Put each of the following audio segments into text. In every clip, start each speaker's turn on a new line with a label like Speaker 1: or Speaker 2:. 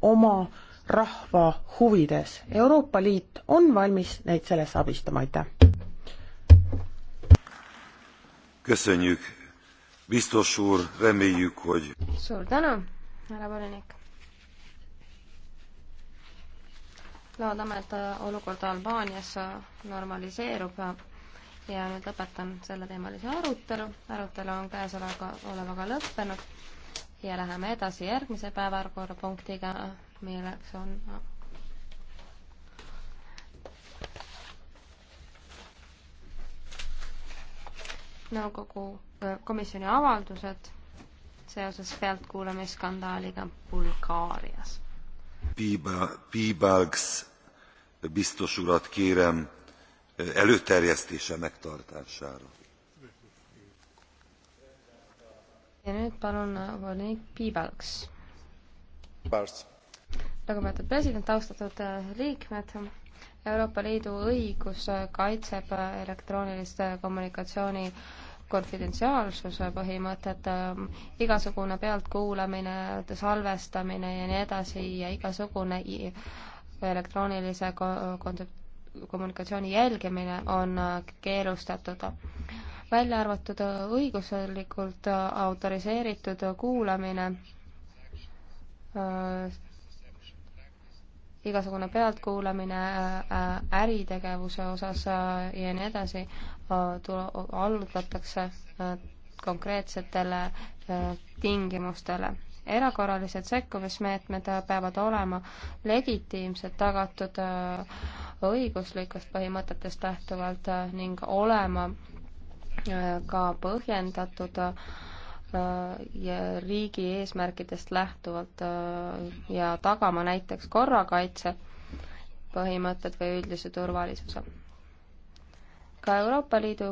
Speaker 1: oma rahva huvides. Euroopa Liit on valmis neid selles abistama, aitäh!
Speaker 2: köszönjük, biztos úr, reméljük, hogy...
Speaker 3: suur tänu, härra volinik! loodame, et äh, olukord Albaanias äh, normaliseerub ja nüüd lõpetan selleteemalise arutelu. arutelu on käesolevaga, olevaga lõppenud ja läheme edasi järgmise päevakorrapunktiga, milleks on nõukogu komisjoni avaldused seoses pealtkuulamisskandaaliga Bulgaarias.
Speaker 2: Piibalgs biztos urat kérem előterjesztése megtartására.
Speaker 3: ja nüüd palun äh, volinik Piibalks. lugupeetud president, austatud äh, liikmed Euroopa Liidu õigus äh, kaitseb elektrooniliste kommunikatsiooni konfidentsiaalsuse põhimõtet, ähm, igasugune pealtkuulamine, salvestamine ja nii edasi ja igasugune elektroonilise kommunikatsiooni jälgimine on keelustatud välja arvatud õiguslikult autoriseeritud kuulamine, äh, igasugune pealtkuulamine äh, äritegevuse osas äh, ja nii edasi, allutatakse konkreetsetele tingimustele erakorralised sekkumismeetmed peavad olema legitiimselt tagatud õiguslikest põhimõtetest lähtuvalt ning olema ka põhjendatud äh, ja riigi eesmärkidest lähtuvalt äh, ja tagama näiteks korrakaitse põhimõtted või üldise turvalisuse. ka Euroopa Liidu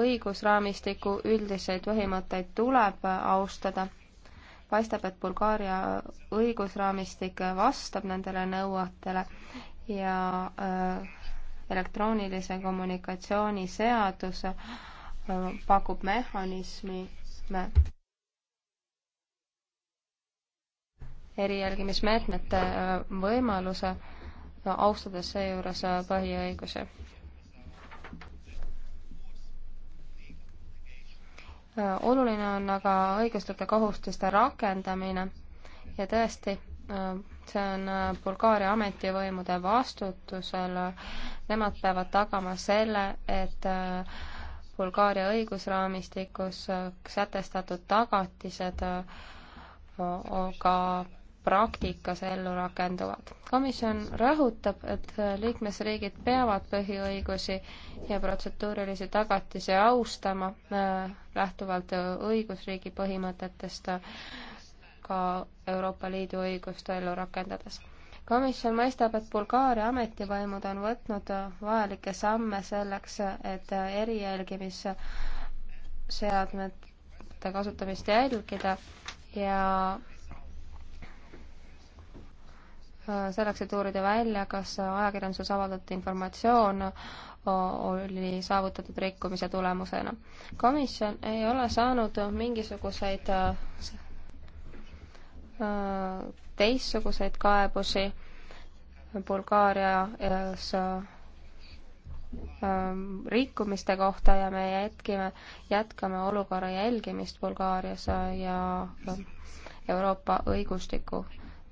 Speaker 3: õigusraamistiku üldiseid põhimõtteid tuleb austada. paistab, et Bulgaaria õigusraamistik vastab nendele nõuetele ja äh, elektroonilise kommunikatsiooni seadus pakub mehhanismi me, erijälgimismeetmete äh, võimaluse, äh, austades seejuures äh, põhiõigusi. oluline on aga õiguslike kohustuste rakendamine ja tõesti, see on Bulgaaria ametivõimude vastutusel. Nemad peavad tagama selle, et äh, Bulgaaria õigusraamistikus äh, sätestatud tagatised äh, ka praktikas ellu rakenduvad. komisjon rõhutab, et äh, liikmesriigid peavad põhiõigusi ja protseduurilisi tagatisi austama lähtuvalt õigusriigi põhimõtetest ka Euroopa Liidu õigust ellu rakendades komisjon mõistab, et Bulgaaria ametivõimud on võtnud vajalikke samme selleks, et erijälgimisseadmete kasutamist jälgida ja selleks, et uurida välja, kas ajakirjanduses avaldatud informatsioon oli saavutatud rikkumise tulemusena. komisjon ei ole saanud mingisuguseid Äh, teistsuguseid kaebusi Bulgaarias äh, ähm, rikkumiste kohta ja me jätkime, jätkame olukorra jälgimist Bulgaarias äh, ja ähm, Euroopa õigustiku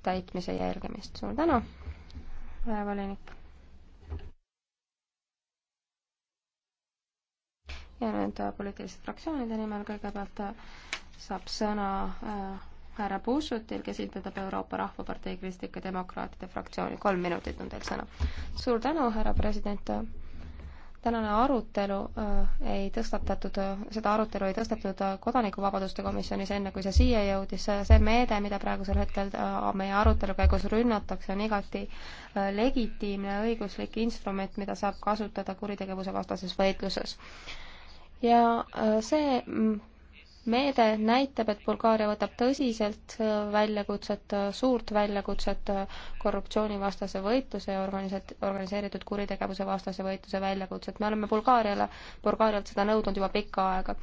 Speaker 3: täitmise jälgimist. suur tänu, volinik. ja nüüd poliitiliste fraktsioonide nimel kõigepealt saab sõna äh, härra Puusutil, kes esindab Euroopa Rahvapartei Kristlike Demokraatide fraktsiooni. kolm minutit on teil sõna. suur tänu, härra president. tänane arutelu äh, ei tõstatatud, äh, seda arutelu ei tõstetud äh, Kodanikuvabaduste komisjonis, enne kui see siia jõudis. see meede, mida praegusel hetkel äh, meie arutelu käigus rünnatakse, on igati äh, legitiimne õiguslik instrument, mida saab kasutada kuritegevuse vastases võitluses. ja äh, see meede näitab, et Bulgaaria võtab tõsiselt äh, väljakutset, äh, suurt väljakutset äh, korruptsioonivastase võitluse ja organiseeritud, organiseeritud kuritegevuse vastase võitluse väljakutset. me oleme Bulgaariale, Bulgaarialt seda nõudnud juba pikka aega.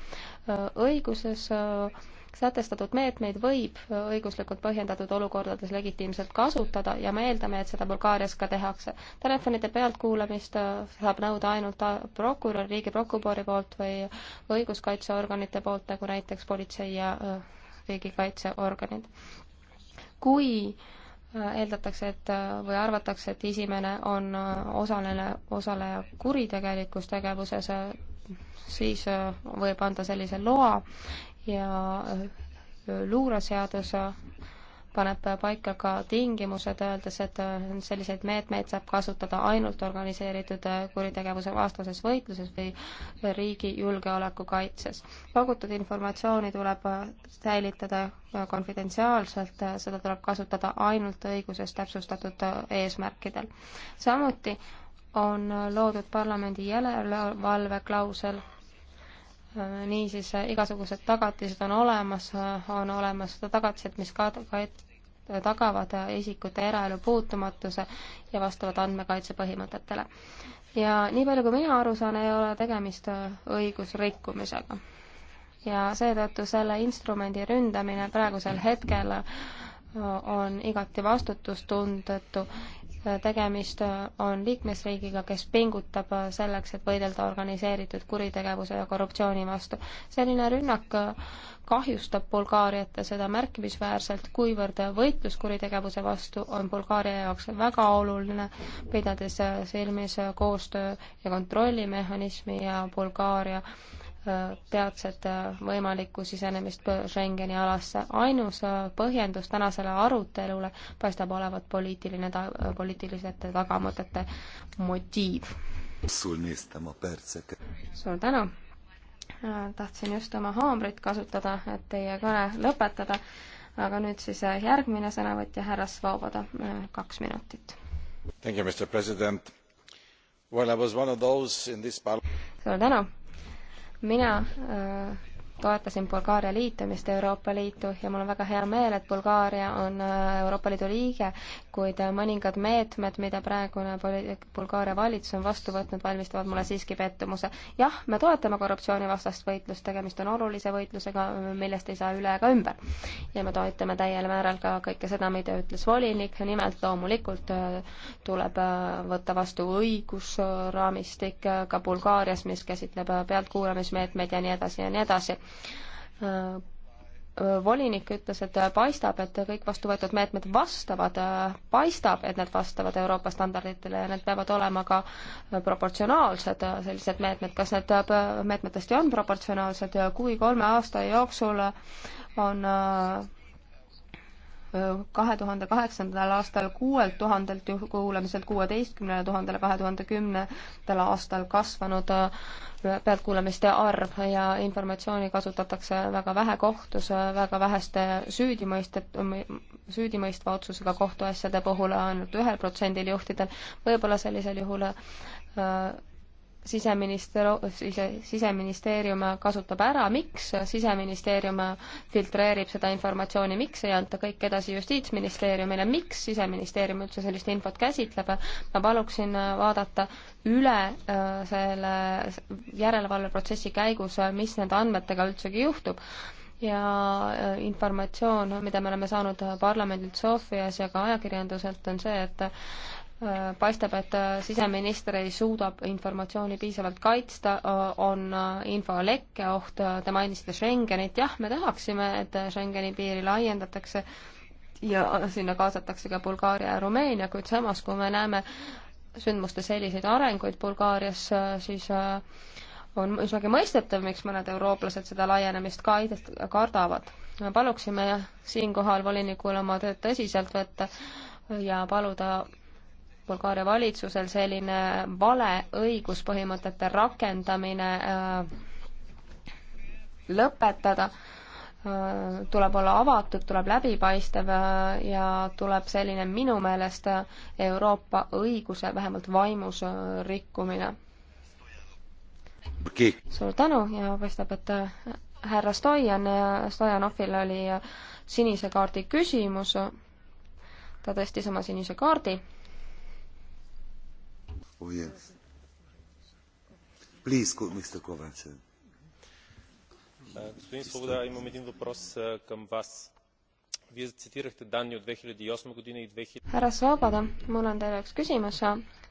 Speaker 3: õiguses äh, sätestatud meetmeid võib õiguslikult põhjendatud olukordades legitiimselt kasutada ja me eeldame, et seda Bulgaarias ka tehakse. Telefonide pealtkuulamist äh, saab nõuda ainult äh, prokurör, riigiprokuröri poolt või õiguskaitseorganite poolt, nagu näiteks politsei ja äh, riigikaitseorganid. kui eeldatakse, et või arvatakse, et inimene on osaline, osaleja kuritegelikus tegevuses, siis võib anda sellise loa ja äh, luureseadus äh, paneb paika ka tingimused, öeldes, et äh, selliseid meetmeid saab kasutada ainult organiseeritud kuritegevuse vastases võitluses või riigi julgeoleku kaitses. pakutud informatsiooni tuleb säilitada konfidentsiaalselt, seda tuleb kasutada ainult õiguses täpsustatud eesmärkidel. samuti on loodud parlamendi järelevalveklausel niisiis äh, igasugused tagatised on olemas, äh, on olemas tagatised, mis ka, ka tagavad äh, isikute eraelu puutumatuse ja vastavad andmekaitse põhimõtetele. ja nii palju, kui mina aru saan, ei ole tegemist õigusrikkumisega. ja seetõttu selle instrumendi ründamine praegusel hetkel on igati vastutustundetu tegemist on liikmesriigiga, kes pingutab selleks, et võidelda organiseeritud kuritegevuse ja korruptsiooni vastu. selline rünnak kahjustab Bulgaariat ja seda märkimisväärselt, kuivõrd võitlus kuritegevuse vastu on Bulgaaria jaoks väga oluline, pidades silmis koostöö ja kontrollimehhanismi ja Bulgaaria äh, peatset äh, võimalikku sisenemist Schengeni alasse. ainus äh, põhjendus tänasele arutelule paistab olevat poliitiline ta-, äh, poliitiliste tagamõtete motiiv. suur tänu! tahtsin just oma haamrit kasutada, et teie kõne lõpetada, aga nüüd siis järgmine sõnavõtja, härra Svoboda, kaks minutit. suur tänu! mina äh, toetasin Bulgaaria liitumist Euroopa Liitu ja mul on väga hea meel, et Bulgaaria on äh, Euroopa Liidu liige, kuid äh, mõningad meetmed, mida praegune Bulgaaria valitsus on vastu võtnud, valmistavad mulle siiski pettumuse. jah, me toetame korruptsioonivastast võitlust, tegemist on olulise võitlusega, millest ei saa üle ega ümber. ja me toetame täiel määral ka kõike seda, mida ütles volinik, nimelt loomulikult äh, tuleb võtta vastu õigusraamistik ka Bulgaarias, mis käsitleb pealtkuulamismeetmeid ja nii edasi ja nii edasi Äh, äh, volinik ütles, et paistab, et kõik vastuvõetud meetmed vastavad, äh, paistab, et need vastavad Euroopa standarditele ja need peavad olema ka proportsionaalsed, sellised meetmed. kas need meetmed tõesti on proportsionaalsed, kui kolme aasta jooksul on kahe tuhande kaheksandal aastal kuuelt tuhandelt kuulamiselt kuueteistkümnele tuhandele kahe tuhande kümnendal aastal kasvanud äh, pealtkuulamiste arv ja informatsiooni kasutatakse väga vähe kohtus, äh, väga väheste süüdimõistet-, süüdimõistva otsusega kohtuasjade puhul ainult ühel protsendil juhtidel, võib-olla sellisel juhul äh, siseminister, sise, siseministeerium kasutab ära, miks siseministeerium filtreerib seda informatsiooni, miks ei anta kõik edasi Justiitsministeeriumile, miks siseministeerium üldse sellist infot käsitleb, ma paluksin vaadata üle äh, selle järelevalveprotsessi käigus, mis nende andmetega üldsegi juhtub ja äh, informatsioon, mida me oleme saanud parlamendilt Sofias ja ka ajakirjanduselt, on see, et paistab, et äh, siseminister ei suuda informatsiooni piisavalt kaitsta, on äh, infolekke oht, äh, te mainisite Schengenit, jah, me tahaksime, et Schengeni piiri laiendatakse ja sinna kaasatakse ka Bulgaaria ja Rumeenia, kuid samas, kui me näeme sündmuste selliseid arenguid Bulgaarias, siis on üsnagi mõistetav, miks mõned eurooplased seda laienemist ka kardavad. me paluksime siinkohal volinikul oma tööd tõsiselt võtta ja paluda Bulgaaria valitsusel selline vale õiguspõhimõtete rakendamine äh, lõpetada, äh, tuleb olla avatud, tuleb läbipaistev äh, ja tuleb selline minu meelest Euroopa õiguse vähemalt vaimus rikkumine. suur tänu ja paistab, et härra Stoian, Stojanovil oli sinise kaardi küsimus. ta tõstis oma sinise kaardi
Speaker 2: Oh, yes. Please, Mr. Kovacev. Господин Свобода, имам един въпрос към вас. Вие цитирахте данни от 2008 година и 2000...
Speaker 4: Härra Svoboda,
Speaker 3: mul on teile üks küsimus.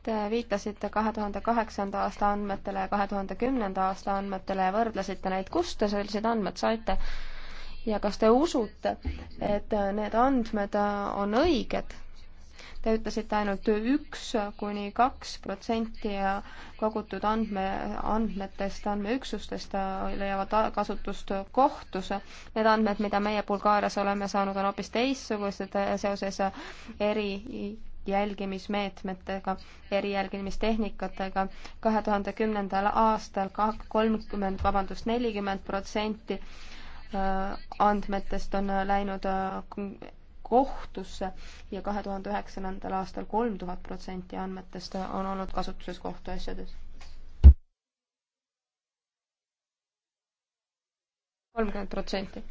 Speaker 3: Te viitasite 2008. aasta andmetele ja 2010. aasta andmetele ja võrdlesite neid. Kust te sellised andmed saite? Ja kas te usute, et need andmed on õiged? Te ütlesite ainult üks kuni kaks protsenti ja kogutud andme, andmetest, andmeüksustest äh, leiavad kasutust kohtus. Need andmed, mida meie Bulgaarias oleme saanud, on hoopis teistsugused äh, seoses äh, eri jälgimismeetmetega, erijälgimistehnikatega. kahe tuhande kümnendal aastal kolmkümmend, vabandust, nelikümmend protsenti andmetest on läinud kohtusse ja kahe tuhande üheksandal aastal kolm tuhat protsenti andmetest on olnud kasutuses kohtuasjades. kolmkümmend protsenti.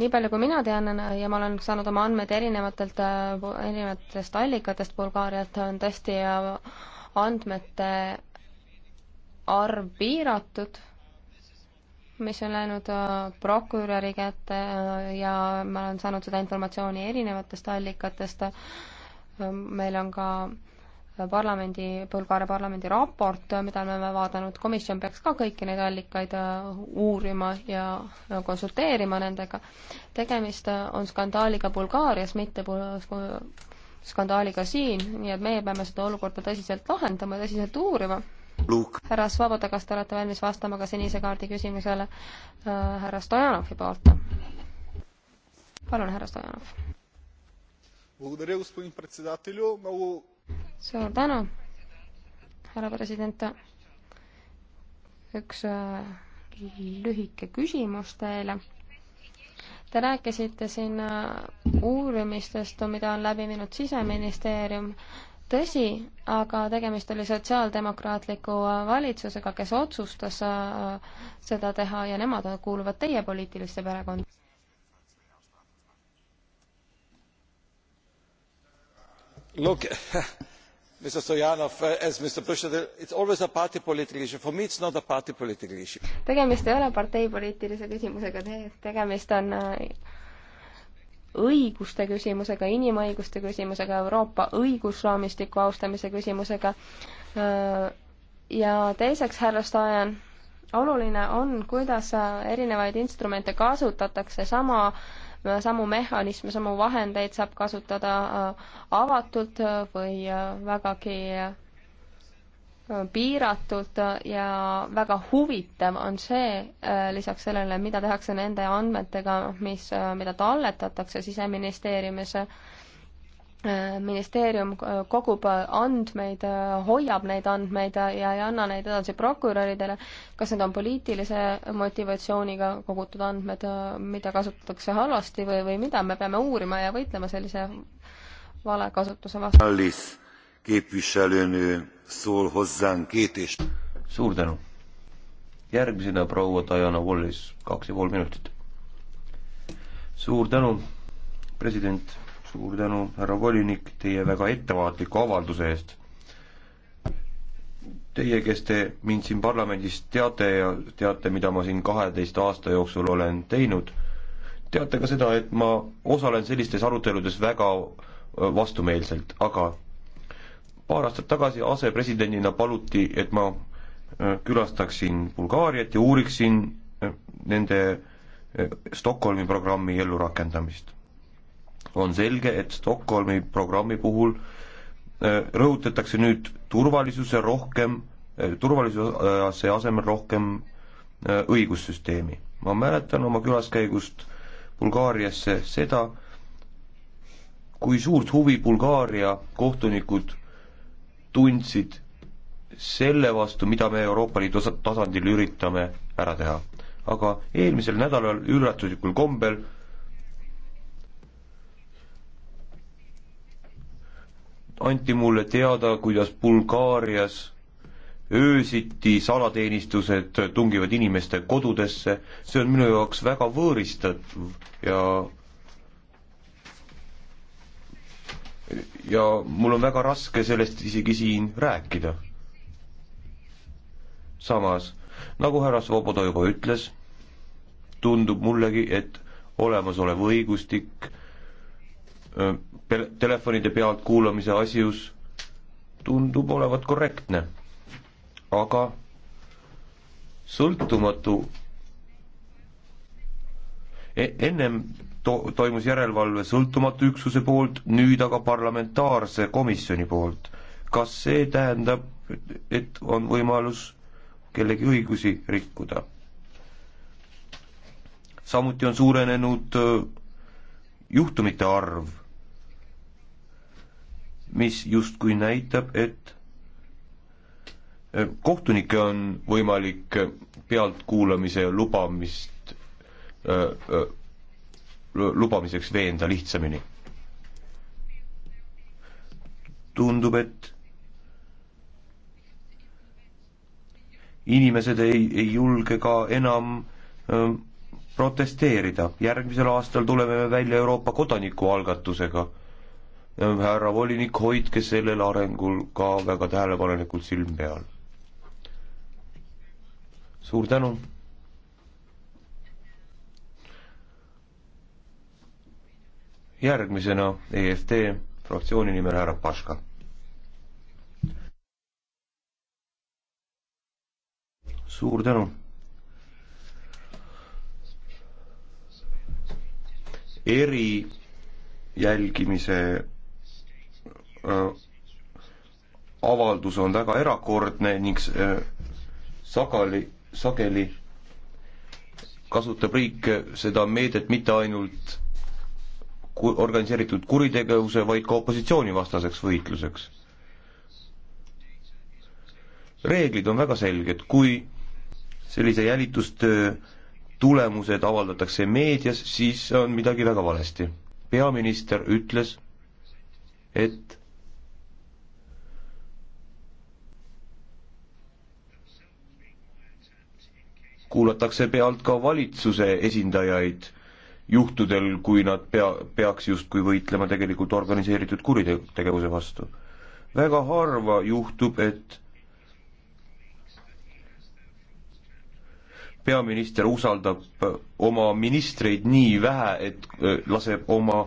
Speaker 3: nii palju, kui mina tean ja ma olen saanud oma andmed erinevatelt, erinevatest allikatest Bulgaarialt, on tõesti andmete arv piiratud mis on läinud äh, prokuröri kätte äh, ja ma olen saanud seda informatsiooni erinevatest allikatest. Äh, meil on ka parlamendi, Bulgaaria parlamendi raport, mida me oleme vaadanud, komisjon peaks ka kõiki neid allikaid uurima ja konsulteerima nendega. tegemist on skandaaliga Bulgaarias, mitte skandaaliga siin, nii et meie peame seda olukorda tõsiselt lahendama, tõsiselt uurima härra Svoboda, kas te olete valmis vastama ka sinise kaardi küsimusele äh, härra Stojanovi poolt? palun, härra Stojanov. suur tänu, härra president. üks äh, lühike küsimus teile Te rääkisite siin äh, uurimistest, mida on läbi viinud siseministeerium tõsi, aga tegemist oli sotsiaaldemokraatliku valitsusega, kes otsustas äh, seda teha ja nemad kuuluvad teie poliitilisse perekonda.
Speaker 2: Look, mr stoyanov uh, as mr busuttil it is always a party political issue. for me it is not a party political issue.
Speaker 3: tegemist ei ole parteipoliitilise küsimusega tegemist on äh, õiguste küsimusega, inimõiguste küsimusega, Euroopa õigusraamistiku austamise küsimusega. ja teiseks, härra Stojan, oluline on, kuidas erinevaid instrumente kasutatakse, sama, samu mehhanisme, samu vahendeid saab kasutada avatult või vägagi piiratud ja väga huvitav on see, äh, lisaks sellele, mida tehakse nende andmetega, mis, äh, mida talletatakse Siseministeeriumis, äh, ministeerium kogub andmeid, hoiab neid andmeid ja ei anna neid edasi prokuröridele, kas need on poliitilise motivatsiooniga kogutud andmed, mida kasutatakse halvasti või, või mida, me peame uurima ja võitlema sellise valekasutuse vastu
Speaker 2: képviselőnő szól hozzánk két és... Suur tänu.
Speaker 4: Järgmisena proua Diana Wallis, kaks ja pool minutit. Suur tänu, president, suur tänu, härra volinik, teie väga ettevaatliku avalduse eest. Teie, kes te mind siin parlamendis teate ja teate, mida ma siin kaheteist aasta jooksul olen teinud, teate ka seda, et ma osalen sellistes aruteludes väga äh, vastumeelselt, aga paar aastat tagasi asepresidendina paluti, et ma äh, külastaksin Bulgaariat ja uuriksin äh, nende äh, Stockholmi programmi ellurakendamist. on selge, et Stockholmi programmi puhul rõhutatakse nüüd turvalisuse rohkem, turvalisuse asemel rohkem õigussüsteemi. ma mäletan oma külaskäigust Bulgaariasse seda, kui suurt huvi Bulgaaria kohtunikud tundsid selle vastu, mida me Euroopa Liidu tasandil üritame ära teha. aga eelmisel nädalal üllatuslikul kombel anti mulle teada, kuidas Bulgaarias öösiti salateenistused tungivad inimeste kodudesse, see on minu jaoks väga võõristav ja ja mul on väga raske sellest isegi siin rääkida. samas, nagu härra Svoboda juba ütles, tundub mullegi, et olemasolev õigustik telefonide pealtkuulamise asjus tundub olevat korrektne. aga sõltumatu e ennem to-, toimus järelevalve sõltumatu üksuse poolt, nüüd aga parlamentaarse komisjoni poolt. kas see tähendab, et on võimalus kellegi õigusi rikkuda? samuti on suurenenud juhtumite arv, mis justkui näitab, et kohtunikke on võimalik pealtkuulamise lubamist öö, öö, lubamiseks veenda lihtsamini. tundub, et inimesed ei, ei julge ka enam öö, ähm, protesteerida. järgmisel aastal tuleme me välja Euroopa kodanikualgatusega. Ähm, härra volinik, hoidke sellel arengul ka väga tähelepanelikult silm peal. suur tänu! järgmisena EFT fraktsiooni nimel härra Paška. suur tänu. eri jälgimise äh, avaldus on väga erakordne ning äh, sageli, sageli kasutab riik seda meedet mitte ainult organiseeritud kuritegevuse, vaid ka opositsioonivastaseks võitluseks. reeglid on väga selged, kui sellise jälitustöö tulemused avaldatakse meedias, siis on midagi väga valesti. peaminister ütles, et kuulatakse pealt ka valitsuse esindajaid juhtudel, kui nad pea, peaks justkui võitlema tegelikult organiseeritud kuritegevuse vastu. väga harva juhtub, et peaminister usaldab oma ministreid nii vähe, et äh, laseb oma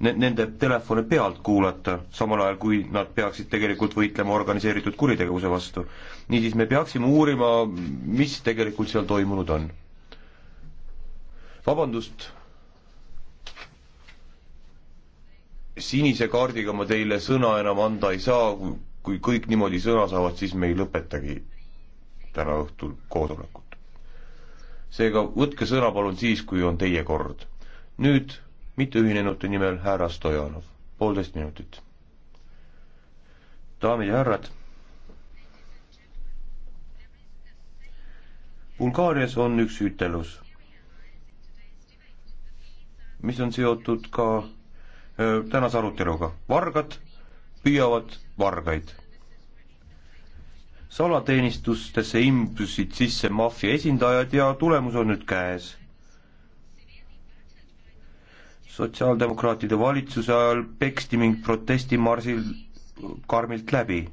Speaker 4: ne-, nende telefone pealt kuulata, samal ajal kui nad peaksid tegelikult võitlema organiseeritud kuritegevuse vastu. niisiis, me peaksime uurima, mis tegelikult seal toimunud on. vabandust, sinise kaardiga ma teile sõna enam anda ei saa, kui kõik niimoodi sõna saavad, siis me ei lõpetagi täna õhtul koosolekut. seega võtke sõna palun siis, kui on teie kord. nüüd mitteühinenute nimel härra Stojanov, poolteist minutit. daamid ja härrad, Bulgaarias on üks ütelus, mis on seotud ka tänase aruteluga. vargad püüavad vargaid. salateenistustesse imbusid sisse maffia esindajad ja tulemus on nüüd käes. sotsiaaldemokraatide valitsuse ajal peksti mind protestimarsil karmilt läbi.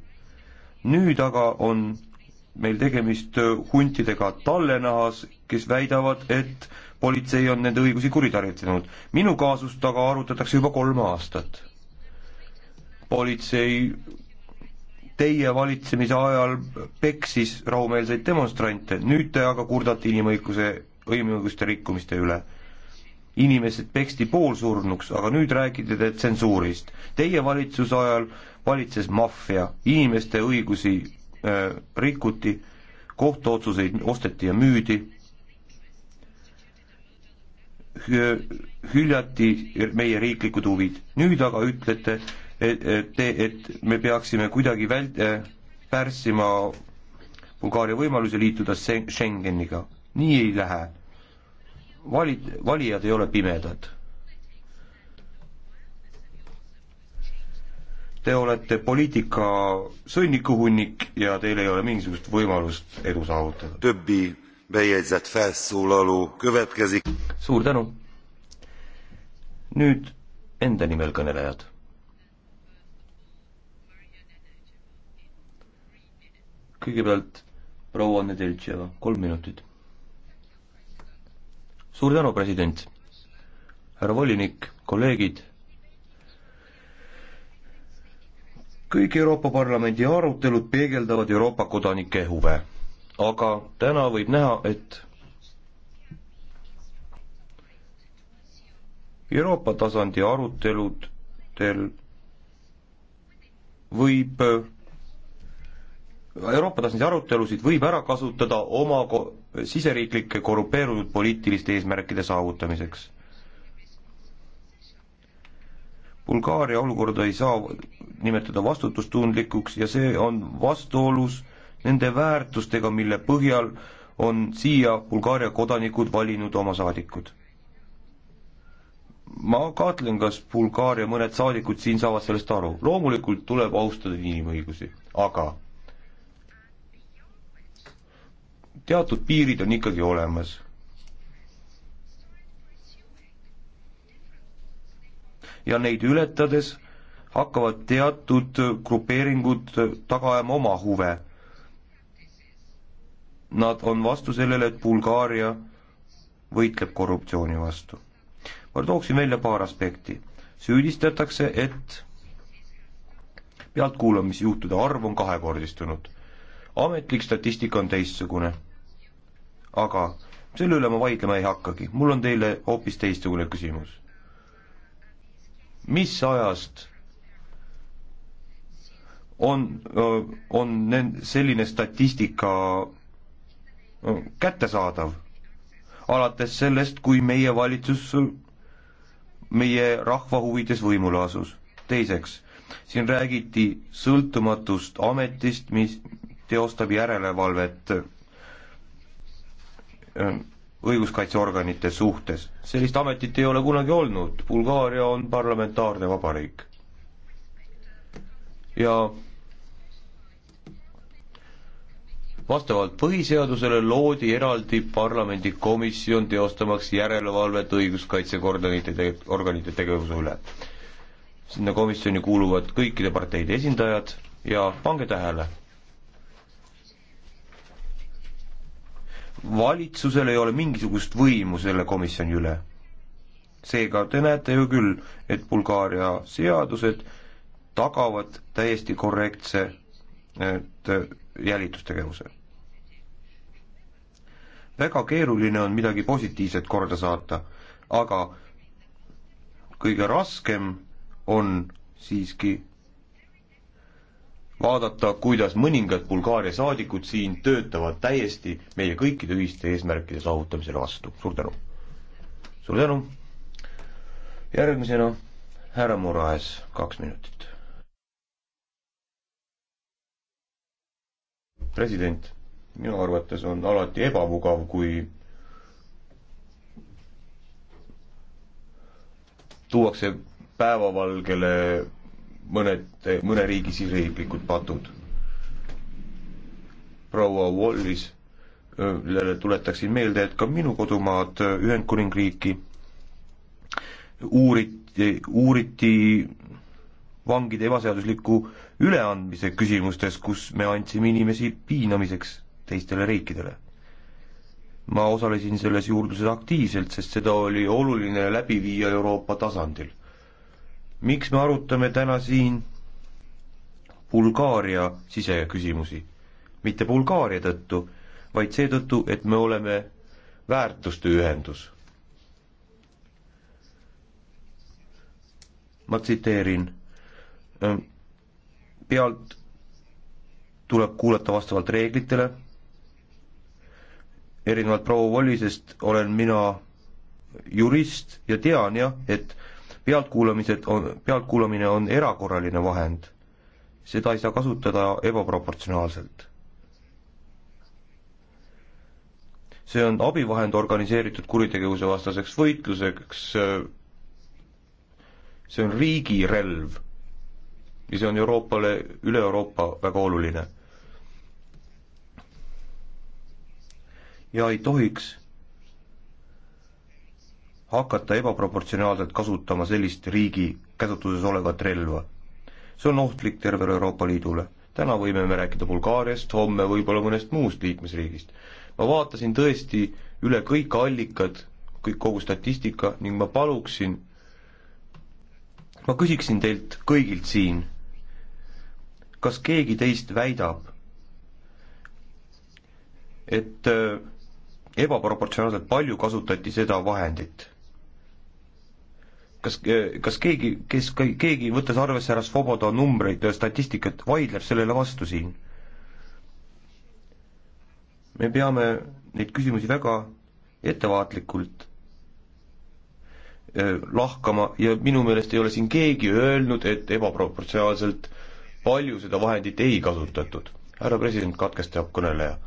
Speaker 4: nüüd aga on meil tegemist huntidega tallenahas, kes väidavad, et politsei on nende õigusi kuritarvitanud. minu kaasust aga arutatakse juba kolm aastat. politsei teie valitsemise ajal peksis rahumeelseid demonstrante, nüüd te aga kurdate inimõiguse, inimõiguste rikkumiste üle. inimesed peksti poolsurnuks, aga nüüd räägite te tsensuurist. Teie valitsuse ajal valitses maffia, inimeste õigusi äh, rikuti, kohtuotsuseid osteti ja müüdi hüljati meie riiklikud huvid. nüüd aga ütlete, et, et me peaksime kuidagi vält-, äh, pärssima Bulgaaria võimaluse liituda Schengeniga. nii ei lähe. valid, valijad ei ole pimedad. Te olete poliitika sõnnikuhunnik
Speaker 2: ja teil ei ole mingisugust võimalust edu saavutada bejegyzett felszólaló következik. suur tänu.
Speaker 4: nüüd enda
Speaker 2: nimel kõnelejad.
Speaker 4: kõigepealt proua Nedeltševa, kolm minutit. suur tänu, president. härra volinik, kolleegid kõik Euroopa Parlamendi arutelud peegeldavad Euroopa kodanike huve aga täna võib näha, et Euroopa tasandi aruteludel võib, Euroopa tasandi arutelusid võib ära kasutada oma ko-, siseriiklike korrupeerunud poliitiliste eesmärkide saavutamiseks. Bulgaaria olukorda ei saa nimetada vastutustundlikuks ja see on vastuolus nende väärtustega, mille põhjal on siia Bulgaaria kodanikud valinud oma saadikud. ma kahtlen, kas Bulgaaria mõned saadikud siin saavad sellest aru, loomulikult tuleb austada inimõigusi, aga teatud piirid on ikkagi olemas. ja neid ületades hakkavad teatud grupeeringud taga ajama oma huve Nad on vastu sellele, et Bulgaaria võitleb korruptsiooni vastu. ma tooksin välja paar aspekti. süüdistatakse, et pealtkuulamisjuhtude arv on kahekordistunud. ametlik statistika on teistsugune. aga selle üle ma vaidlema ei hakkagi, mul on teile hoopis teistsugune küsimus. mis ajast on, on selline statistika kättesaadav. alates sellest, kui meie valitsus meie rahva huvides võimule asus. teiseks, siin räägiti sõltumatust ametist, mis teostab järelevalvet äh, õiguskaitseorganite suhtes. sellist ametit ei ole kunagi olnud, Bulgaaria on parlamentaarne vabariik. ja vastavalt põhiseadusele loodi eraldi parlamendikomisjon teostamaks järelevalvet õiguskaitseorganite te-, organite tegevuse üle. sinna komisjoni kuuluvad kõikide parteide esindajad ja pange tähele, valitsusel ei ole mingisugust võimu selle komisjoni üle. seega te näete ju küll, et Bulgaaria seadused tagavad täiesti korrektse et äh, jälitustegevuse väga keeruline on midagi positiivset korda saata, aga kõige raskem on siiski vaadata, kuidas mõningad Bulgaaria saadikud siin töötavad täiesti meie kõikide ühiste eesmärkide saavutamisele vastu. suur tänu! suur tänu! järgmisena härra Moraes, kaks minutit. president minu arvates on alati ebamugav, kui tuuakse päevavalgele mõned, mõne riigi siseriiklikud patud. proua Wallis, tuletaksin meelde, et ka minu kodumaad, Ühendkuningriiki, uuriti, uuriti vangide ebaseadusliku üleandmise küsimustes, kus me andsime inimesi piinamiseks teistele riikidele. ma osalesin selles juurdluses aktiivselt, sest seda oli oluline läbi viia Euroopa tasandil. miks me arutame täna siin Bulgaaria siseküsimusi? mitte Bulgaaria tõttu, vaid seetõttu, et me oleme väärtuste ühendus. ma tsiteerin ehm, pealt tuleb kuulata vastavalt reeglitele, erinevalt proua Vollisest olen mina jurist ja tean jah, et pealtkuulamised on, pealtkuulamine on erakorraline vahend. seda ei saa kasutada ebaproportsionaalselt. see on abivahend organiseeritud kuritegevuse vastaseks võitluseks, see on riigirelv ja see on Euroopale, üle Euroopa väga oluline ja ei tohiks hakata ebaproportsionaalselt kasutama sellist riigi käsutuses olevat relva. see on ohtlik tervele Euroopa Liidule. täna võime me rääkida Bulgaariast, homme võib-olla mõnest muust liikmesriigist. ma vaatasin tõesti üle kõik allikad, kõik kogu statistika ning ma paluksin, ma küsiksin teilt kõigilt siin, kas keegi teist väidab, et äh, ebaproportsionaalselt palju kasutati seda vahendit. kas, kas keegi, kes, keegi, võttes arvesse härra Svoboda numbreid ja statistikat, vaidleb sellele vastu siin? me peame neid küsimusi väga ettevaatlikult äh, lahkama ja minu meelest ei ole siin keegi öelnud, et ebaproportsionaalselt palju seda vahendit ei
Speaker 2: kasutatud. härra president katkestab kõneleja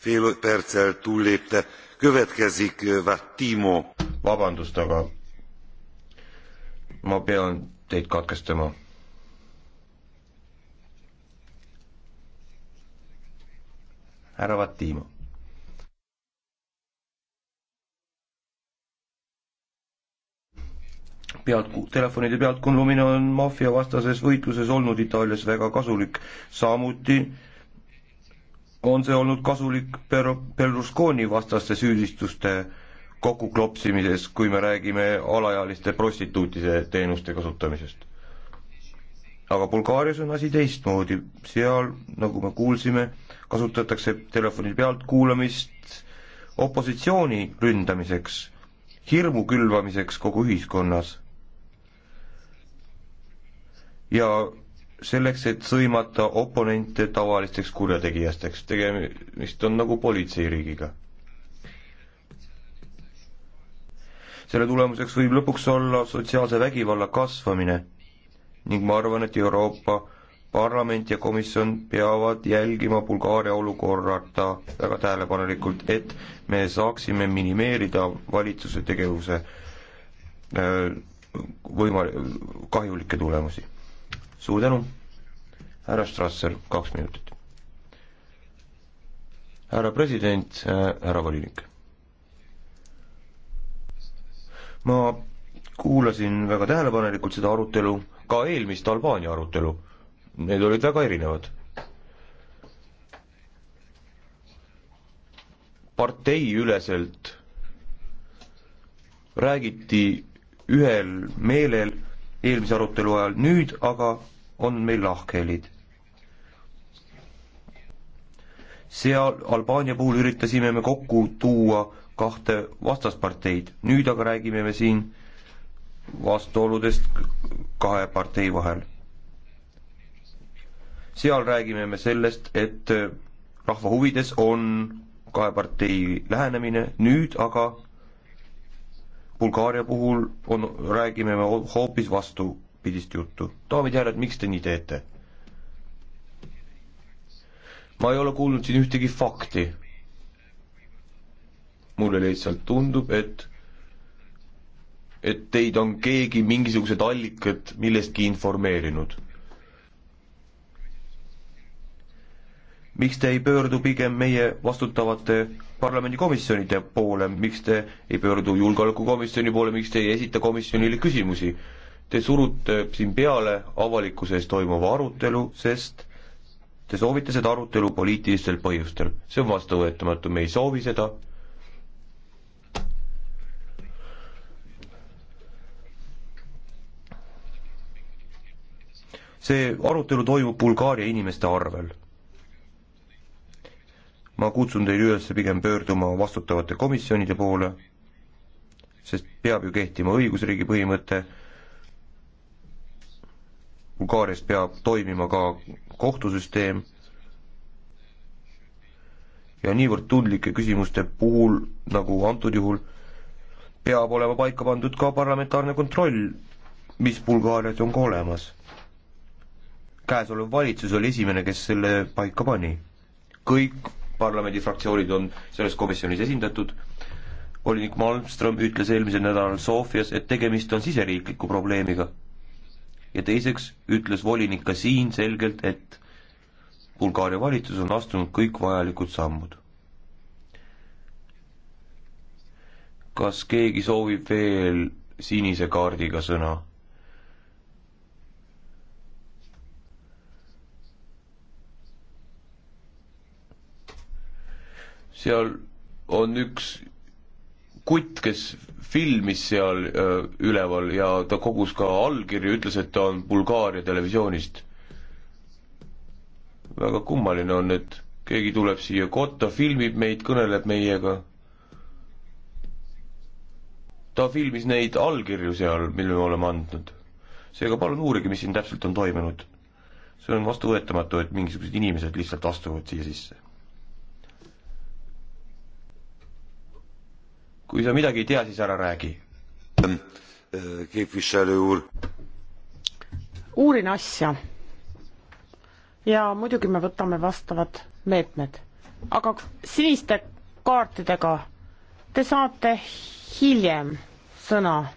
Speaker 2: fél perccel túllépte. Következik Vattimo. Vabandust, aga
Speaker 4: ma pean teid katkestama. härra Vattimo. pealt, telefonide pealtkuulumine on maffiavastases võitluses olnud Itaalias väga kasulik, samuti on see olnud kasulik per-, Berlusconi vastaste süüdistuste kokkuklopsimises, kui me räägime alaealiste prostituutide teenuste kasutamisest. aga Bulgaarias on asi teistmoodi, seal, nagu me kuulsime, kasutatakse telefoni pealtkuulamist opositsiooni ründamiseks, hirmu külvamiseks kogu ühiskonnas. ja selleks, et sõimata oponente tavalisteks kurjategijateks, tegemist on nagu politseiriigiga. selle tulemuseks võib lõpuks olla sotsiaalse vägivalla kasvamine ning ma arvan, et Euroopa Parlament ja Komisjon peavad jälgima Bulgaaria olukorrata väga tähelepanelikult, et me saaksime minimeerida valitsuse tegevuse äh, võimal-, kahjulikke tulemusi suur tänu, härra Strasser, kaks minutit. härra president, härra volinik. ma kuulasin väga tähelepanelikult seda arutelu, ka eelmist Albaania arutelu. Need olid väga erinevad. parteiüleselt räägiti ühel meelel eelmise arutelu ajal, nüüd aga on meil lahkhelid. seal Albaania puhul üritasime me kokku tuua kahte vastasparteid, nüüd aga räägime me siin vastuoludest kahe partei vahel. seal räägime me sellest, et rahva huvides on kahe partei lähenemine, nüüd aga Bulgaaria puhul on, räägime me hoopis vastupidist juttu. daamid ja härrad, miks te nii teete? ma ei ole kuulnud siin ühtegi fakti. mulle lihtsalt tundub, et et teid on keegi mingisugused allikad millestki informeerinud. miks te ei pöördu pigem meie vastutavate parlamendikomisjonide poole, miks te ei pöördu julgeolekukomisjoni poole, miks te ei esita komisjonile küsimusi? Te surute siin peale avalikkuse ees toimuva arutelu, sest te soovite seda arutelu poliitilistel põhjustel. see on vastuvõetamatu, me ei soovi seda. see arutelu toimub Bulgaaria inimeste arvel ma kutsun teid üles pigem pöörduma vastutavate komisjonide poole, sest peab ju kehtima õigusriigi põhimõte, Bulgaarias peab toimima ka kohtusüsteem ja niivõrd tundlike küsimuste puhul, nagu antud juhul, peab olema paika pandud ka parlamentaarne kontroll, mis Bulgaarias on ka olemas. käesolev valitsus oli esimene, kes selle paika pani. kõik parlamendifraktsioonid on selles komisjonis esindatud. volinik Malmström ütles eelmisel nädalal Sofias, et tegemist on siseriikliku probleemiga. ja teiseks ütles volinik ka siin selgelt, et Bulgaaria valitsus on astunud kõik vajalikud sammud. kas keegi soovib veel sinise kaardiga sõna? seal on üks kutt, kes filmis seal öö, üleval ja ta kogus ka allkirju, ütles, et ta on Bulgaaria televisioonist. väga kummaline on, et keegi tuleb siia kotta, filmib meid, kõneleb meiega. ta filmis neid allkirju seal, mille me oleme andnud. seega palun uurige, mis siin täpselt on toimunud. see on vastuvõetamatu, et mingisugused inimesed lihtsalt astuvad siia sisse kui sa midagi ei tea, siis ära räägi.
Speaker 1: uurin asja. ja muidugi me võtame vastavad meetmed, aga siniste kaartidega te saate hiljem sõna.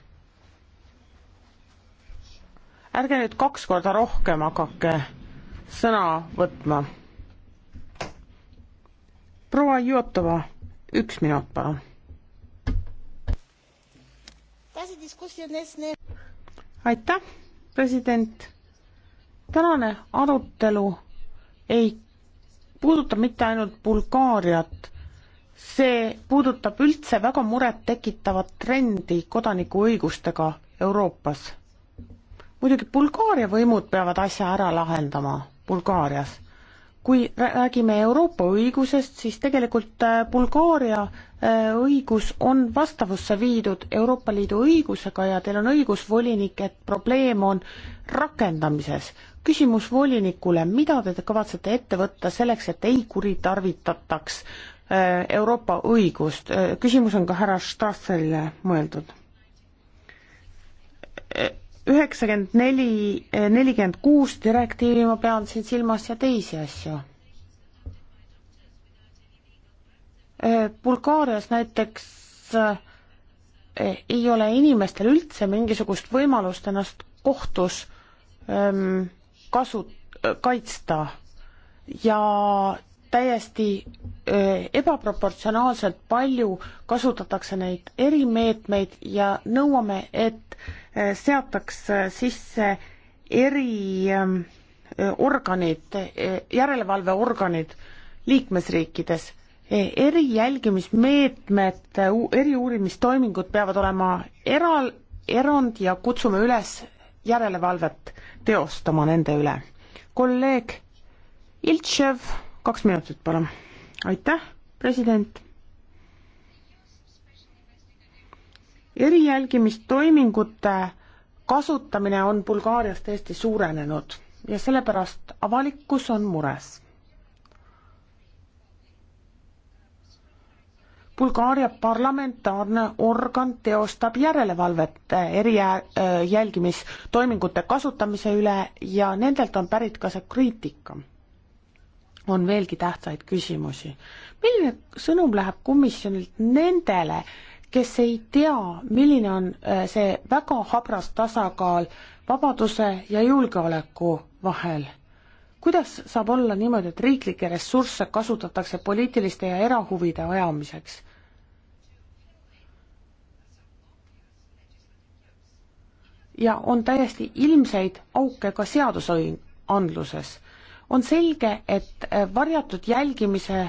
Speaker 1: ärge nüüd kaks korda rohkem hakake sõna võtma. proua Jutova, üks minut palun aitäh, president. tänane arutelu ei puuduta mitte ainult Bulgaariat, see puudutab üldse väga murettekitavat trendi kodanikuõigustega Euroopas. muidugi Bulgaaria võimud peavad asja ära lahendama Bulgaarias, kui räägime Euroopa õigusest, siis tegelikult äh, Bulgaaria äh, õigus on vastavusse viidud Euroopa Liidu õigusega ja teil on õigus, volinik, et probleem on rakendamises. küsimus volinikule, mida te kavatsete ette võtta selleks, et ei kuritarvitataks äh, Euroopa õigust, küsimus on ka härra Strasserile mõeldud üheksakümmend neli, eh, nelikümmend kuus direktiivi, ma pean siin silmas ja teisi asju. Eh, Bulgaarias näiteks eh, ei ole inimestel üldse mingisugust võimalust ennast kohtus ehm, kasu, kaitsta ja täiesti ebaproportsionaalselt palju kasutatakse neid erimeetmeid ja nõuame, et seataks sisse eriorganid, ähm, e, järelevalveorganid liikmesriikides e, erijälgimismeetmed, eriuurimistoimingud peavad olema eral-, erand ja kutsume üles järelevalvet teostama nende üle. kolleeg Iltšev, kaks minutit, palun. aitäh, president erijälgimistoimingute kasutamine on Bulgaarias tõesti suurenenud ja sellepärast avalikkus on mures. Bulgaaria parlamentaarne organ teostab järelevalvet erijälgimistoimingute kasutamise üle ja nendelt on pärit ka see kriitika. on veelgi tähtsaid küsimusi. milline sõnum läheb komisjonilt nendele, kes ei tea, milline on äh, see väga habras tasakaal vabaduse ja julgeoleku vahel. kuidas saab olla niimoodi, et riiklikke ressursse kasutatakse poliitiliste ja erahuvide ajamiseks? ja on täiesti ilmseid auke ka seadusandluses. on selge, et äh, varjatud jälgimise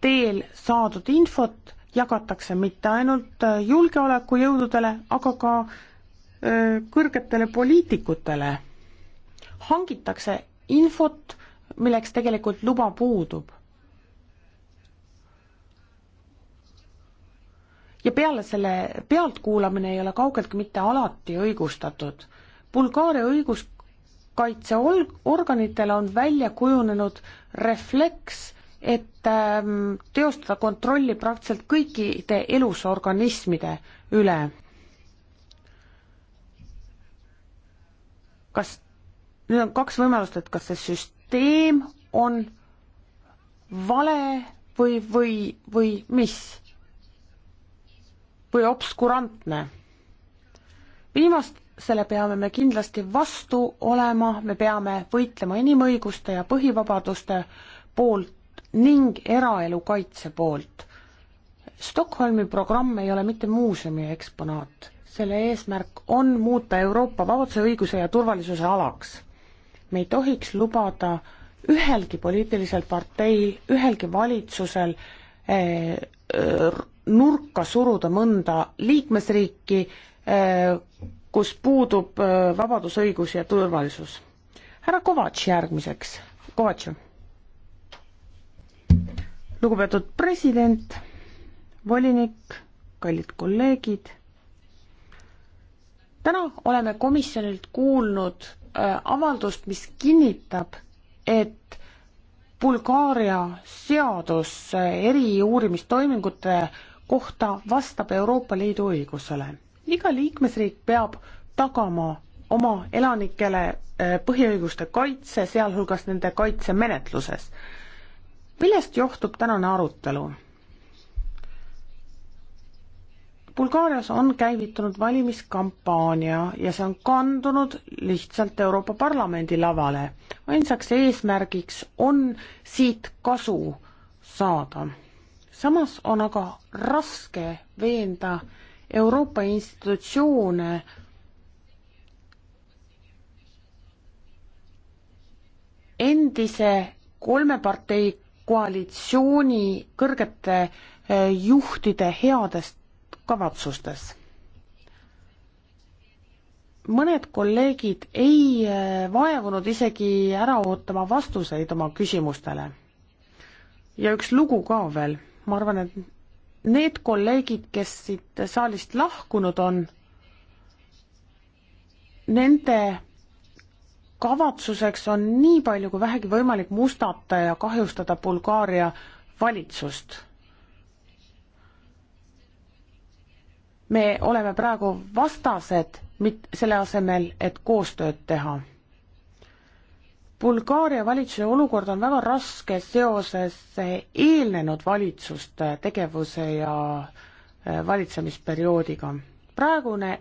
Speaker 1: teel saadud infot jagatakse mitte ainult äh, julgeolekujõududele, aga ka äh, kõrgetele poliitikutele. hangitakse infot, milleks tegelikult luba puudub. ja peale selle pealtkuulamine ei ole kaugeltki mitte alati õigustatud. Bulgaaria õiguskaitseorganitel on välja kujunenud refleks et ähm, teostada kontrolli praktiliselt kõikide elusorganismide üle. kas, nüüd on kaks võimalust, et kas see süsteem on vale või, või, või mis? või obskurantne? viimast selle peame me kindlasti vastu olema, me peame võitlema inimõiguste ja põhivabaduste poolt, ning eraelu kaitse poolt. Stockholmi programm ei ole mitte muuseumi eksponaat, selle eesmärk on muuta Euroopa vabaduse, õiguse ja turvalisuse alaks. me ei tohiks lubada ühelgi poliitilisel parteil, ühelgi valitsusel eh, nurka suruda mõnda liikmesriiki eh,, kus puudub eh, vabadus, õigus ja turvalisus. härra Kovatš järgmiseks, Kovatš lugupeetud president, volinik, kallid kolleegid. täna oleme komisjonilt kuulnud äh, avaldust, mis kinnitab, et Bulgaaria seadus äh, eriuurimistoimingute kohta vastab Euroopa Liidu õigusele. iga liikmesriik peab tagama oma elanikele äh, põhiõiguste kaitse, sealhulgas nende kaitsemenetluses millest johtub tänane arutelu? Bulgaarias on käivitunud valimiskampaania ja see on kandunud lihtsalt Euroopa Parlamendi lavale. ainsaks eesmärgiks on siit kasu saada. samas on aga raske veenda Euroopa institutsioone endise kolme partei koalitsiooni kõrgete eh, juhtide headest kavatsustes. mõned kolleegid ei eh, vaevunud isegi ära ootama vastuseid oma küsimustele. ja üks lugu ka veel, ma arvan, et need kolleegid, kes siit saalist lahkunud on, nende kavatsuseks on nii palju kui vähegi võimalik mustata ja kahjustada Bulgaaria valitsust. me oleme praegu vastased, mit-, selle asemel, et koostööd teha. Bulgaaria valitsuse olukord on väga raske seoses eelnenud valitsuste tegevuse ja eh, valitsemisperioodiga. praegune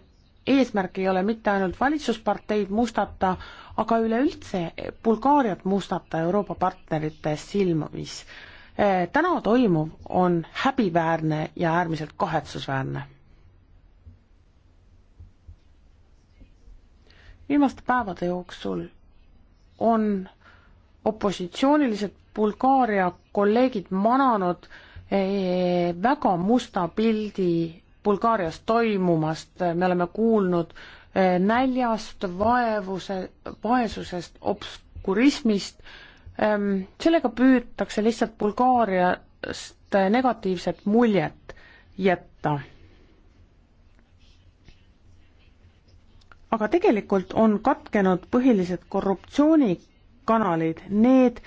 Speaker 1: eesmärk ei ole mitte ainult valitsusparteid mustata, aga üleüldse Bulgaariat mustata Euroopa partnerite silmis. Eh, täna toimuv on häbiväärne ja äärmiselt kahetsusväärne. viimaste päevade jooksul on opositsioonilised Bulgaaria kolleegid mananud eh, väga musta pildi Bulgaarias toimumast, me oleme kuulnud eh, näljast, vaevuse, vaesusest, obskurismist, ehm, sellega püütakse lihtsalt Bulgaariast eh, negatiivset muljet jätta. aga tegelikult on katkenud põhilised korruptsioonikanalid, need,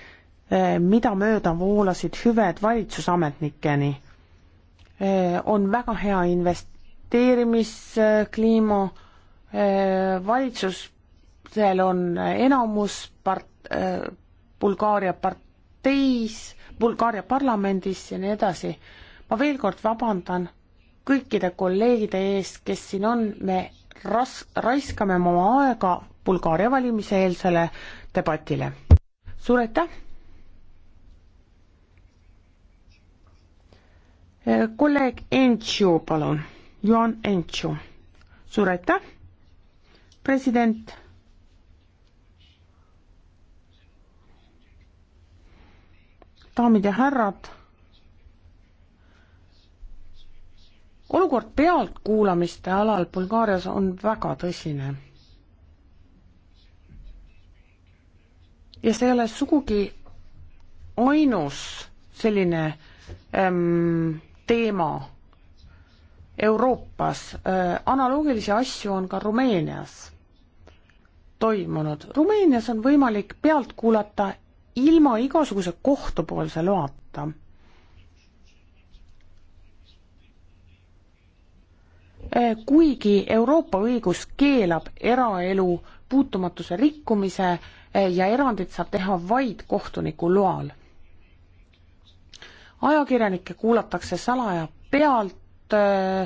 Speaker 1: eh, mida mööda voolasid hüved valitsusametnikeni Eh, on väga hea investeerimiskliima, eh, valitsusel on enamus part-, eh, Bulgaaria parteis, Bulgaaria parlamendis ja nii edasi. ma veel kord vabandan kõikide kolleegide ees, kes siin on, me ras-, raiskame oma aega Bulgaaria valimiseelsele debatile. suur aitäh! kolleeg Entšu, palun, Juan Entšu, suur aitäh, president. daamid ja härrad, olukord pealtkuulamiste alal Bulgaarias on väga tõsine ja see ei ole sugugi ainus selline ähm, teema Euroopas. Äh, analoogilisi asju on ka Rumeenias toimunud. Rumeenias on võimalik pealt kuulata ilma igasuguse kohtupoolse loata. Äh, kuigi Euroopa õigus keelab eraelu puutumatuse rikkumise äh, ja erandit saab teha vaid kohtuniku loal ajakirjanikke kuulatakse salaja pealt, äh,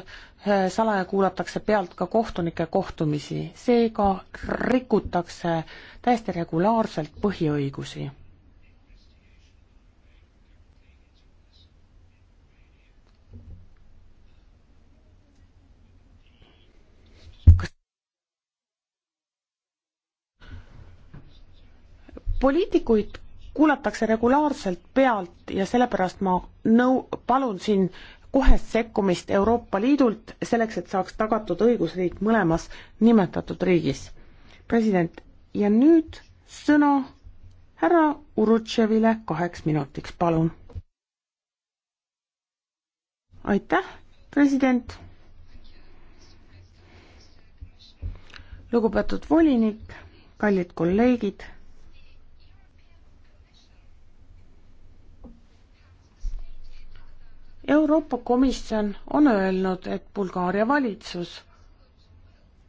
Speaker 1: äh, salaja kuulatakse pealt ka kohtunike kohtumisi, seega rikutakse täiesti regulaarselt põhiõigusi. poliitikuid kuulatakse regulaarselt pealt ja sellepärast ma nõu-, palun siin kohest sekkumist Euroopa Liidult, selleks et saaks tagatud õigusriik mõlemas nimetatud riigis. president, ja nüüd sõna härra Urutševile kaheks minutiks, palun. aitäh, president. lugupeetud volinik, kallid kolleegid Euroopa Komisjon on öelnud, et Bulgaaria valitsus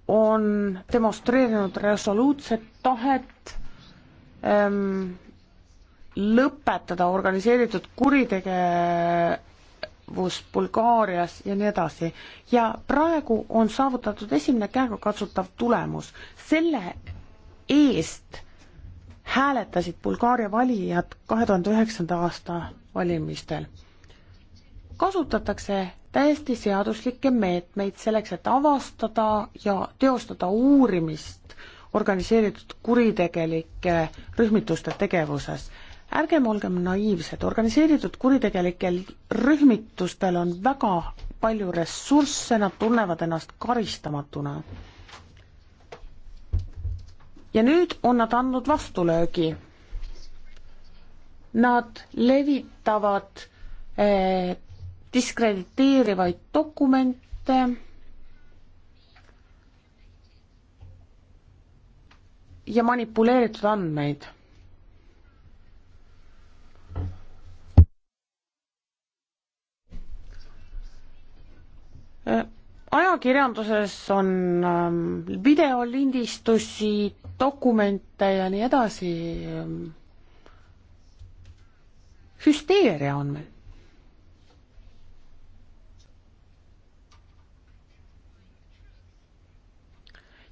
Speaker 1: on demonstreerinud resoluutset tahet ähm, lõpetada organiseeritud kuritegevus Bulgaarias ja nii edasi. ja praegu on saavutatud esimene käegakatsutav tulemus. selle eest hääletasid Bulgaaria valijad kahe tuhande üheksanda aasta valimistel kasutatakse täiesti seaduslikke meetmeid selleks, et avastada ja teostada uurimist organiseeritud kuritegelike rühmituste tegevuses. ärgem olgem naiivsed, organiseeritud kuritegelikel rühmitustel on väga palju ressursse, nad tunnevad ennast karistamatuna. ja nüüd on nad andnud vastulöögi. Nad levitavad eh, diskrediteerivaid dokumente ja manipuleeritud andmeid. Äh, ajakirjanduses on ähm, videolindistusi, dokumente ja nii edasi. Ähm, hüsteeria on meil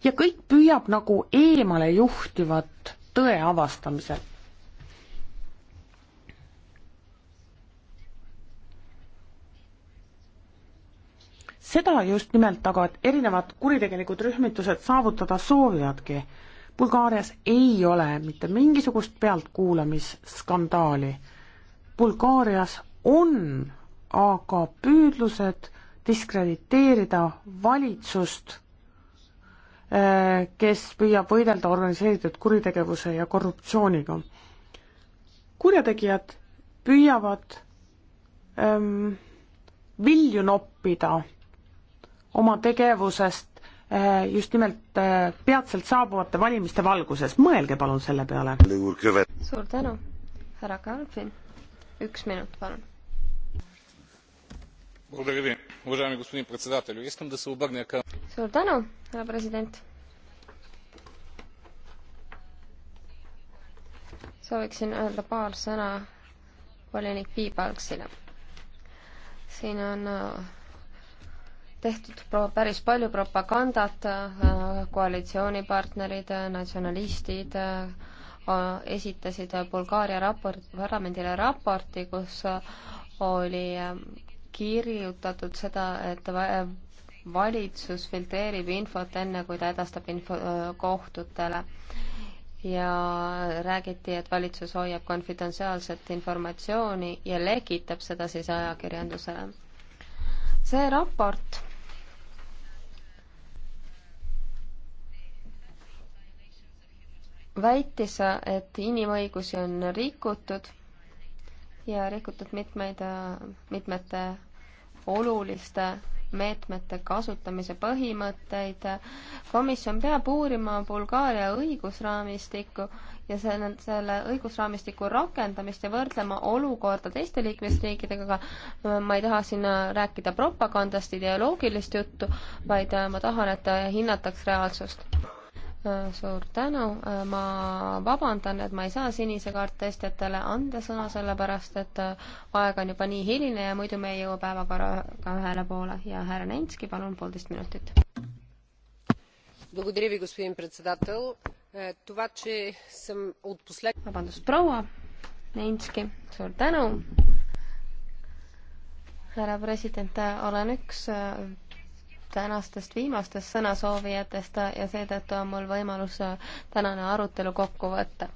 Speaker 1: ja kõik püüab nagu eemale juhtivat tõe avastamisel. seda just nimelt aga, et erinevad kuritegelikud rühmitused saavutada soovivadki. Bulgaarias ei ole mitte mingisugust pealtkuulamisskandaali. Bulgaarias on aga püüdlused diskrediteerida valitsust Äh, kes püüab võidelda organiseeritud kuritegevuse ja korruptsiooniga. kurjategijad püüavad ähm, vilju noppida oma tegevusest äh, just nimelt äh, peatselt saabuvate valimiste valguses, mõelge palun selle peale.
Speaker 3: suur tänu, härra Kalvin, üks minut, palun.
Speaker 2: Благодаря ви, уважаеми господин председател, Искам да се обърна към
Speaker 3: suur tänu, härra president. sooviksin öelda paar sõna volinik Piibalksile. siin on äh, tehtud päris palju propagandat, äh, koalitsioonipartnerid, äh, natsionalistid esitasid Bulgaaria raport, parlamendile raporti, kus oli kirjutatud seda, et valitsus filtreerib infot enne, kui ta edastab info kohtutele. ja räägiti, et valitsus hoiab konfidentsiaalset informatsiooni ja lekitab seda siis ajakirjandusele. see raport väitis, et inimõigusi on rikutud ja rikutud mitmeid, mitmete oluliste meetmete kasutamise põhimõtteid. komisjon peab uurima Bulgaaria õigusraamistikku ja selle, selle õigusraamistiku rakendamist ja võrdlema olukorda teiste liikmesriikidega, aga ma ei taha siin rääkida propagandast, ideoloogilist juttu, vaid ma tahan, et hinnataks reaalsust. Äh, suur tänu, äh, ma vabandan, et ma ei saa sinise kaart testijatele anda sõna, sellepärast et äh, aeg on juba nii hiline ja muidu me ei jõua päevakorraga ühele poole ja härra Nenski, palun poolteist minutit. vabandust, proua Nenski, suur tänu härra president, olen üks tänastest viimastest sõnasoovijatest ja seetõttu on mul võimalus tänane arutelu kokku võtta.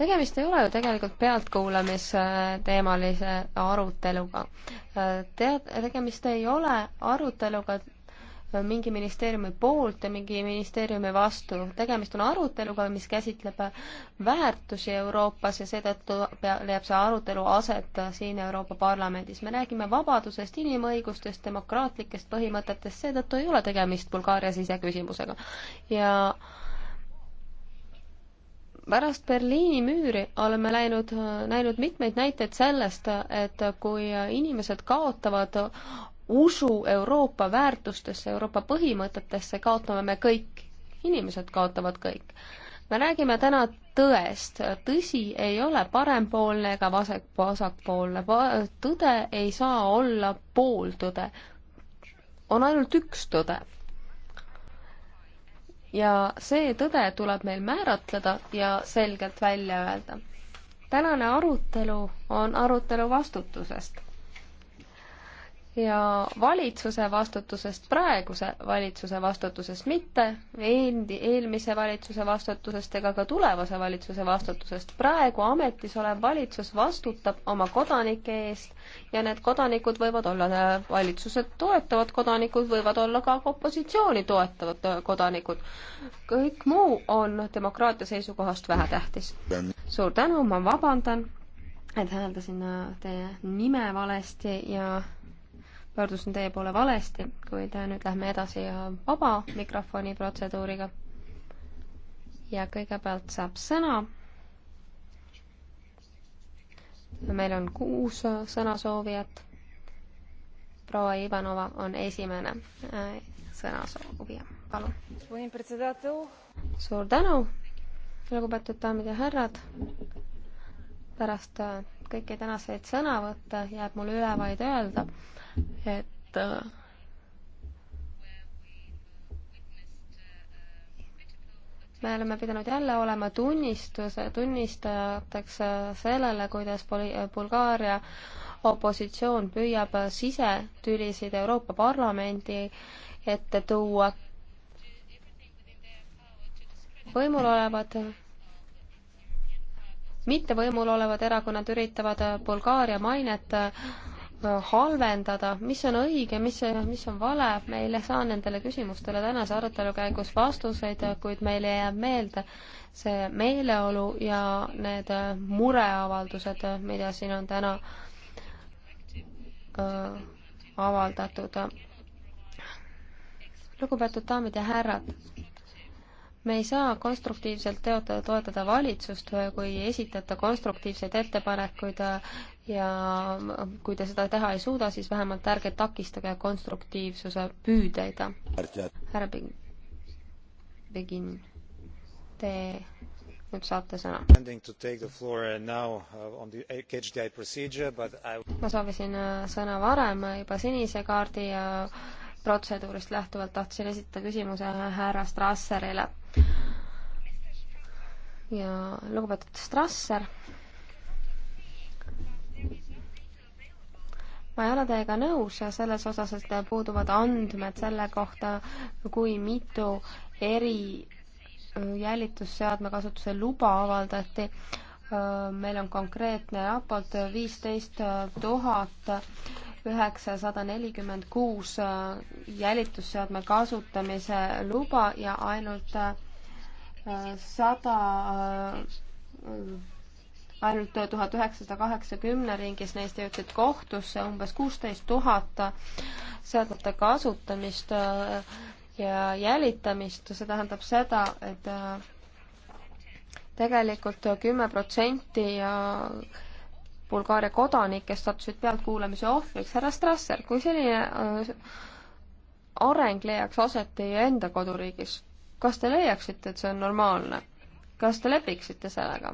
Speaker 3: tegemist ei ole ju tegelikult pealtkuulamisteemalise aruteluga. Tead, tegemist ei ole aruteluga mingi ministeeriumi poolt ja mingi ministeeriumi vastu. tegemist on aruteluga, mis käsitleb väärtusi Euroopas ja seetõttu leiab see arutelu aset siin Euroopa Parlamendis. me räägime vabadusest, inimõigustest, demokraatlikest põhimõtetest, seetõttu ei ole tegemist Bulgaaria siseküsimusega. ja pärast Berliini müüri oleme läinud, näinud mitmeid näiteid sellest, et kui inimesed kaotavad usu Euroopa väärtustesse, Euroopa põhimõtetesse kaotame me kõik. inimesed kaotavad kõik. me räägime täna tõest. tõsi ei ole parempoolne ega vasak, vasakpoolne. tõde ei saa olla pooltõde. on ainult üks tõde. ja see tõde tuleb meil määratleda ja selgelt välja öelda. tänane arutelu on arutelu vastutusest ja valitsuse vastutusest, praeguse valitsuse vastutusest, mitte endi, eelmise valitsuse vastutusest ega ka tulevase valitsuse vastutusest. praegu ametis olev valitsus vastutab oma kodanike eest ja need kodanikud võivad olla äh, valitsused toetavad kodanikud, võivad olla ka opositsiooni toetavad äh, kodanikud. kõik muu on demokraatia seisukohast vähetähtis. suur tänu, ma vabandan, et hääldasin äh, teie nime valesti ja pöördusin teie poole valesti, kuid nüüd lähme edasi vaba mikrofoni protseduuriga. ja kõigepealt saab sõna. meil on kuus sõnasoovijat. proua Ivanova on esimene äh, sõnasoovija, palun. suur tänu, lugupeetud daamid ja härrad. pärast kõiki tänaseid sõnavõtte jääb mul üle vaid öelda, et äh, me oleme pidanud jälle olema tunnistuse, tunnistajateks äh, sellele, kuidas poli-, Bulgaaria opositsioon püüab sisetülisid Euroopa Parlamendi ette tuua. võimul olevad, mitte võimul olevad erakonnad üritavad Bulgaaria mainet halvendada, mis on õige, mis, mis on vale, me ei saa nendele küsimustele tänase arutelu käigus vastuseid, kuid meile jääb meelde see meeleolu ja need mureavaldused, mida siin on täna äh, avaldatud. lugupeetud daamid ja härrad, me ei saa konstruktiivselt teotada, toetada valitsust, kui ei esitata konstruktiivseid ettepanekuid ja kui te seda teha ei suuda, siis vähemalt ärge takistage konstruktiivsuse püüdeid. härra Begin, te nüüd saate sõna.
Speaker 2: Uh, ma
Speaker 3: soovisin uh, sõna varem juba sinise kaardi ja uh, protseduurist lähtuvalt tahtsin esitada küsimuse härra Strasserile. ja lugupeetud Strasser ma ei ole teiega nõus selles osas, et puuduvad andmed selle kohta, kui mitu eri jälitusseadme kasutuse luba avaldati. meil on konkreetne raport viisteist tuhat üheksasada nelikümmend kuus jälitusseadme kasutamise luba ja ainult sada 100 ainult tuhat üheksasada kaheksakümne ringis neist jõudsid kohtusse umbes kuusteist tuhat seadmete kasutamist äh, ja jälitamist, see tähendab seda, et äh, tegelikult kümme protsenti äh, Bulgaaria kodanikest sattusid pealtkuulamise ohvriks. härra Strasser, kui selline areng leiaks aset teie enda koduriigis, kas te leiaksite, et see on normaalne? kas te lepiksite sellega?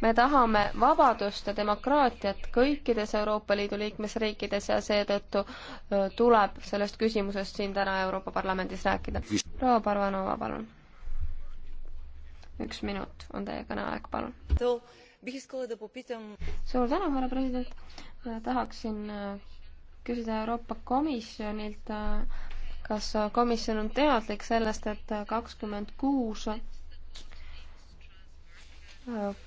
Speaker 3: me tahame vabadust ja demokraatiat kõikides Euroopa Liidu liikmesriikides ja seetõttu tuleb sellest küsimusest siin täna Euroopa Parlamendis rääkida. proua Parvanova, palun. üks minut on teie kõneaeg, palun. suur tänu, härra president. tahaksin küsida Euroopa Komisjonilt, kas komisjon on teadlik sellest, et kakskümmend kuus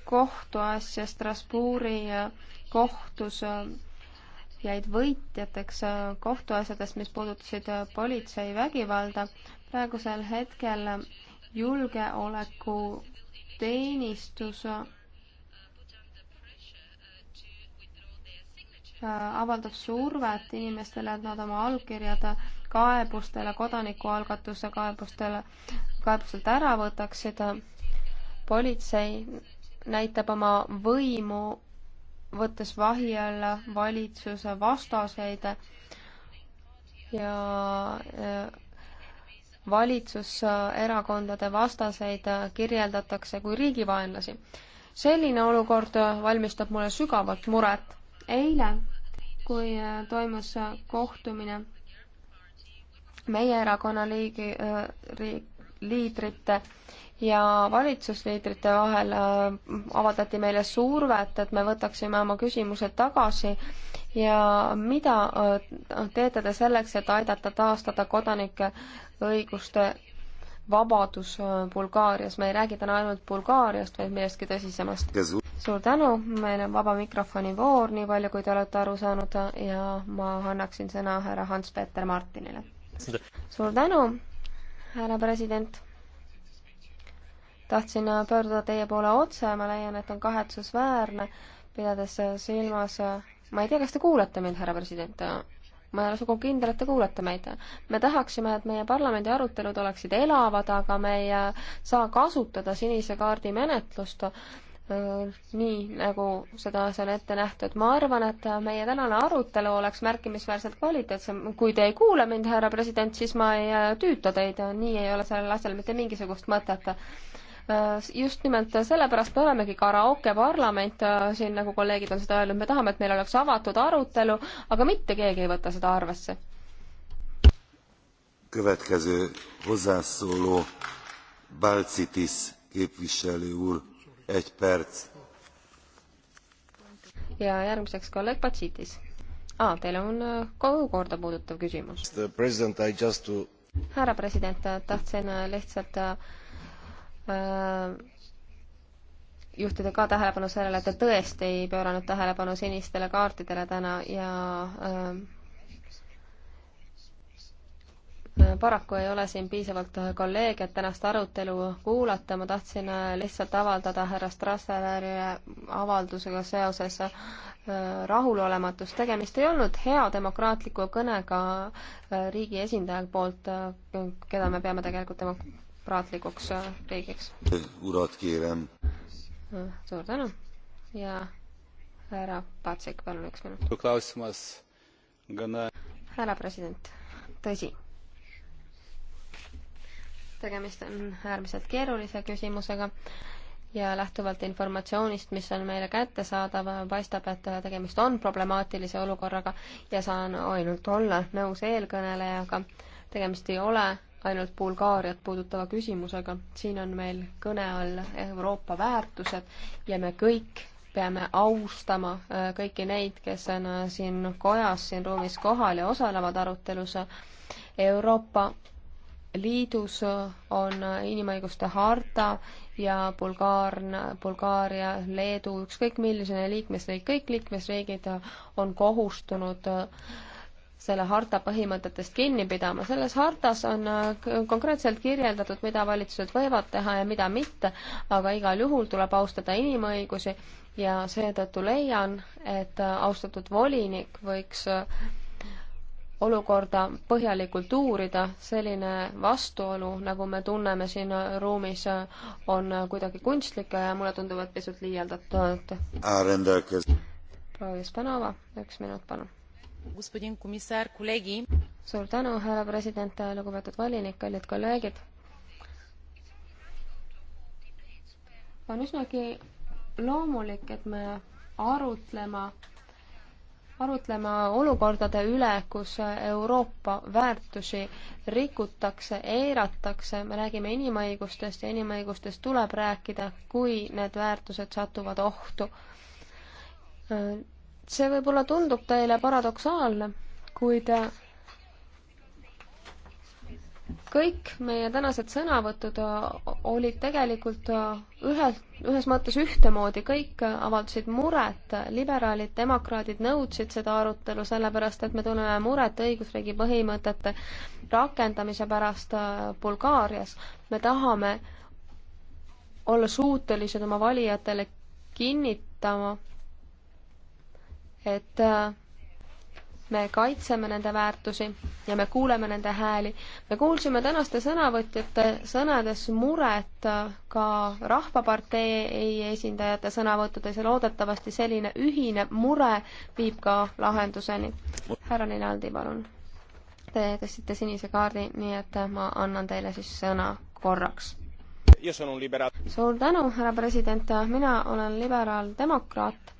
Speaker 3: kohtuasja Strasbourgi äh, kohtus äh, jäid võitjateks äh, kohtuasjadest, mis puudutasid politsei vägivalda. praegusel hetkel julgeolekuteenistus avaldab survet inimestele, et nad oma allkirjad kaebustele, kodanikualgatuse kaebustele, kaebustelt ära võtaksid. politsei näitab oma võimu, võttes vahi alla valitsuse vastaseid ja valitsuserakondade vastaseid kirjeldatakse kui riigivaenlasi. selline olukord valmistab mulle sügavalt muret. eile, kui toimus kohtumine meie erakonna liigi, äh, liidrite ja valitsusliidrite vahel äh, avaldati meile survet, et me võtaksime oma küsimused tagasi ja mida äh, teete te selleks, et aidata taastada kodanike õiguste vabadus äh, Bulgaarias, me ei räägi täna ainult Bulgaariast, vaid millestki tõsisemast. suur tänu, meil on vaba mikrofoni voor, nii palju kui te olete aru saanud ja ma annaksin sõna härra Hans-Peeter Martinile. suur tänu, härra president tahtsin pöörduda teie poole otse, ma leian, et on kahetsusväärne, pidades silmas, ma ei tea, kas te kuulete mind, härra president? ma ei ole sugugi kindel, et te kuulete meid. me tahaksime, et meie parlamendi arutelud oleksid elavad, aga me ei saa kasutada sinise kaardi menetlust nii, nagu seda, see on ette nähtud. ma arvan, et meie tänane arutelu oleks märkimisväärselt kvaliteetsem. kui te ei kuule mind, härra president, siis ma ei tüüta teid, nii ei ole sellel asjal mitte mingisugust mõtet Äh, just nimelt sellepärast me olemegi karaoke parlament äh, siin, nagu kolleegid on seda öelnud, me tahame, et meil oleks avatud arutelu, aga mitte keegi ei võta seda arvesse.
Speaker 2: Következő hozzászóló Balcitis képviselő úr, egy perc.
Speaker 3: ja järgmiseks kolleeg Balcitis. aa, teil on äh, kogukorda puudutav küsimus. härra president, tahtsin lihtsalt uh, Äh, juhtida ka tähelepanu sellele, et ta tõesti ei pööranud tähelepanu sinistele kaartidele täna ja äh, äh paraku ei ole siin piisavalt kolleege, et tänast arutelu kuulata, ma tahtsin äh, lihtsalt avaldada härra Strasserile avaldusega seoses äh, rahulolematust. tegemist ei olnud hea demokraatliku kõnega äh, riigi esindaja poolt, keda me peame tegelikult demok-, demokraatlikuks äh, riigiks.
Speaker 2: urad keerem.
Speaker 3: suur tänu ja härra Patsik, palun üks minut. härra president, tõsi tegemist on äärmiselt keerulise küsimusega ja lähtuvalt informatsioonist, mis on meile kättesaadav, paistab, et tegemist on problemaatilise olukorraga ja saan ainult olla nõus eelkõnelejaga. tegemist ei ole ainult Bulgaariat puudutava küsimusega. siin on meil kõne all Euroopa väärtused ja me kõik peame austama äh, kõiki neid, kes on äh, siin kojas, siin ruumis kohal ja osalevad arutelus. Euroopa Liidus äh, on inimõiguste harta ja Bulgaarna, Bulgaaria, Leedu, ükskõik milline liikmesriik, kõik liikmesriigid on kohustunud äh, selle harta põhimõtetest kinni pidama. selles hartas on äh, konkreetselt kirjeldatud, mida valitsused võivad teha ja mida mitte, aga igal juhul tuleb austada inimõigusi ja seetõttu leian, et äh, austatud volinik võiks äh, olukorda põhjalikult uurida, selline vastuolu, nagu me tunneme siin ruumis, on kuidagi kunstlik ja mulle tundub, et pisut liialdatud. proua Hispanova, üks minut, palun suur tänu, härra president, lugupeetud volinik, kallid kolleegid. on üsnagi loomulik, et me arutlema, arutlema olukordade üle, kus Euroopa väärtusi rikutakse, eiratakse, me räägime inimõigustest ja inimõigustest tuleb rääkida, kui need väärtused satuvad ohtu see võib-olla tundub teile paradoksaalne, kuid äh, kõik meie tänased sõnavõtud äh, olid tegelikult äh, ühes, ühes mõttes ühtemoodi, kõik avaldasid muret, liberaalid, demokraadid nõudsid seda arutelu sellepärast, et me tunneme muret õigusriigi põhimõtete rakendamise pärast Bulgaarias. me tahame olla suutelised oma valijatele kinnitama, et äh, me kaitseme nende väärtusi ja me kuuleme nende hääli. me kuulsime tänaste sõnavõtjate sõnades muret äh, ka Rahvapartei esindajate sõnavõttudes ja loodetavasti selline ühine mure viib ka lahenduseni. härra Ninaldi, palun. Te tõstsite sinise kaardi, nii et äh, ma annan teile siis sõna korraks. suur tänu, härra president, mina olen liberaaldemokraat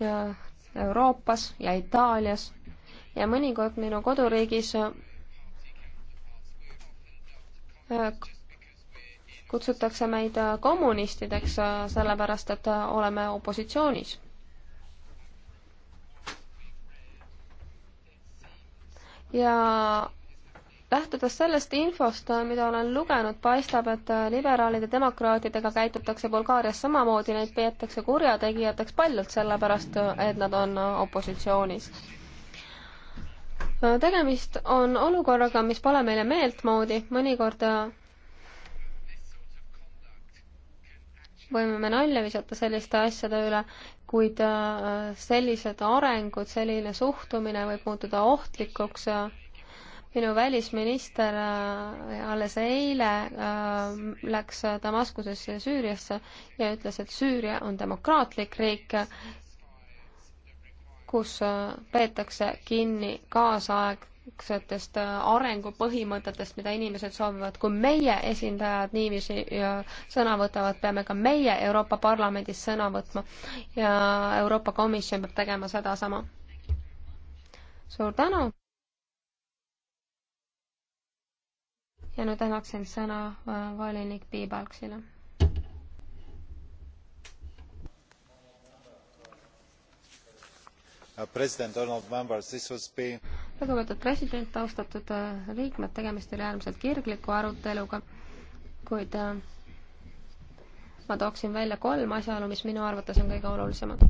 Speaker 3: ja Euroopas ja Itaalias ja mõnikord minu koduriigis äh, kutsutakse meid äh, kommunistideks äh, sellepärast, et oleme opositsioonis. ja lähtudes sellest infost, mida olen lugenud, paistab, et äh, liberaalide demokraatidega käitutakse Bulgaarias samamoodi, neid peetakse kurjategijateks paljalt sellepärast, et nad on äh, opositsioonis. Äh, tegemist on olukorraga, mis pole meile meeltmoodi, mõnikord võime me nalja visata selliste asjade üle, kuid sellised arengud, selline suhtumine võib muutuda ohtlikuks minu välisminister äh, alles eile äh, läks Damaskusesse ja Süüriasse ja ütles, et Süüria on demokraatlik riik, kus äh, peetakse kinni kaasaegsetest arengupõhimõtetest, mida inimesed soovivad. kui meie esindajad niiviisi sõna võtavad, peame ka meie Euroopa Parlamendis sõna võtma ja Euroopa Komisjon peab tegema sedasama. suur tänu! ja nüüd annaksin sõna äh, volinik Piibalksile. Uh, lugupeetud president, austatud äh, liikmed, tegemist oli äärmiselt kirgliku aruteluga, kuid äh, ma tooksin välja kolm asjaolu, mis minu arvates on kõige olulisemad.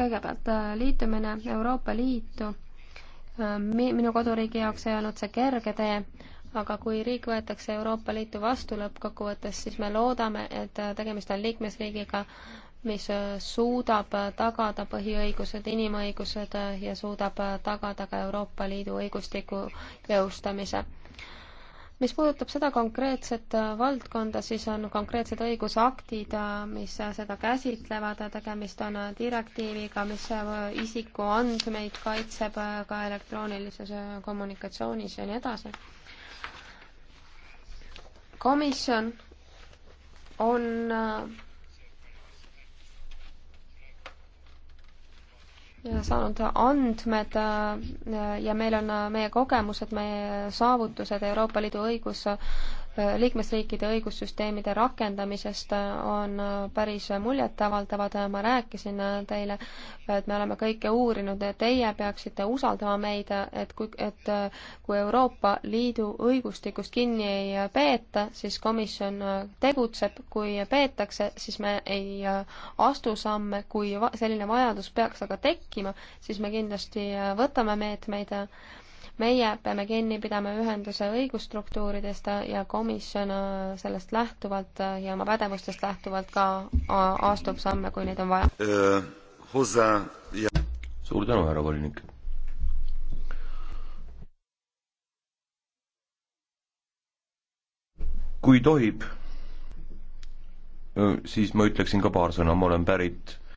Speaker 3: kõigepealt liitumine Euroopa Liitu minu koduriigi jaoks ei olnud see kerge tee, aga kui riik võetakse Euroopa Liitu vastu lõppkokkuvõttes, siis me loodame, et tegemist on liikmesriigiga, mis suudab tagada põhiõigused, inimõigused ja suudab tagada ka Euroopa Liidu õigustiku jõustamise mis puudutab seda konkreetset äh, valdkonda, siis on konkreetsed õigusaktid, äh, mis äh, seda käsitlevad, tegemist on direktiiviga, mis isikuandmeid kaitseb ka elektroonilises kommunikatsioonis ja nii edasi. komisjon on saanud andmed äh, ja meil on äh, meie kogemused, meie saavutused Euroopa Liidu õigus liikmesriikide õigussüsteemide rakendamisest äh, on äh, päris muljetavaldavad. Äh, ma rääkisin teile, et me oleme kõike uurinud ja teie peaksite usaldama meid, et kui, et kui Euroopa Liidu õigustikust kinni ei peeta, siis komisjon tegutseb, kui peetakse, siis me ei astu samme, kui selline vajadus peaks aga tekkima, siis me kindlasti võtame meetmeid meet meie peame kinni pidama ühenduse õigusstruktuuridest ja komisjon äh, sellest lähtuvalt äh, ja oma pädevustest lähtuvalt ka äh, astub samme, kui neid on vaja.
Speaker 2: suur tänu, härra volinik kui tohib,
Speaker 4: siis ma ütleksin ka paar sõna, ma olen pärit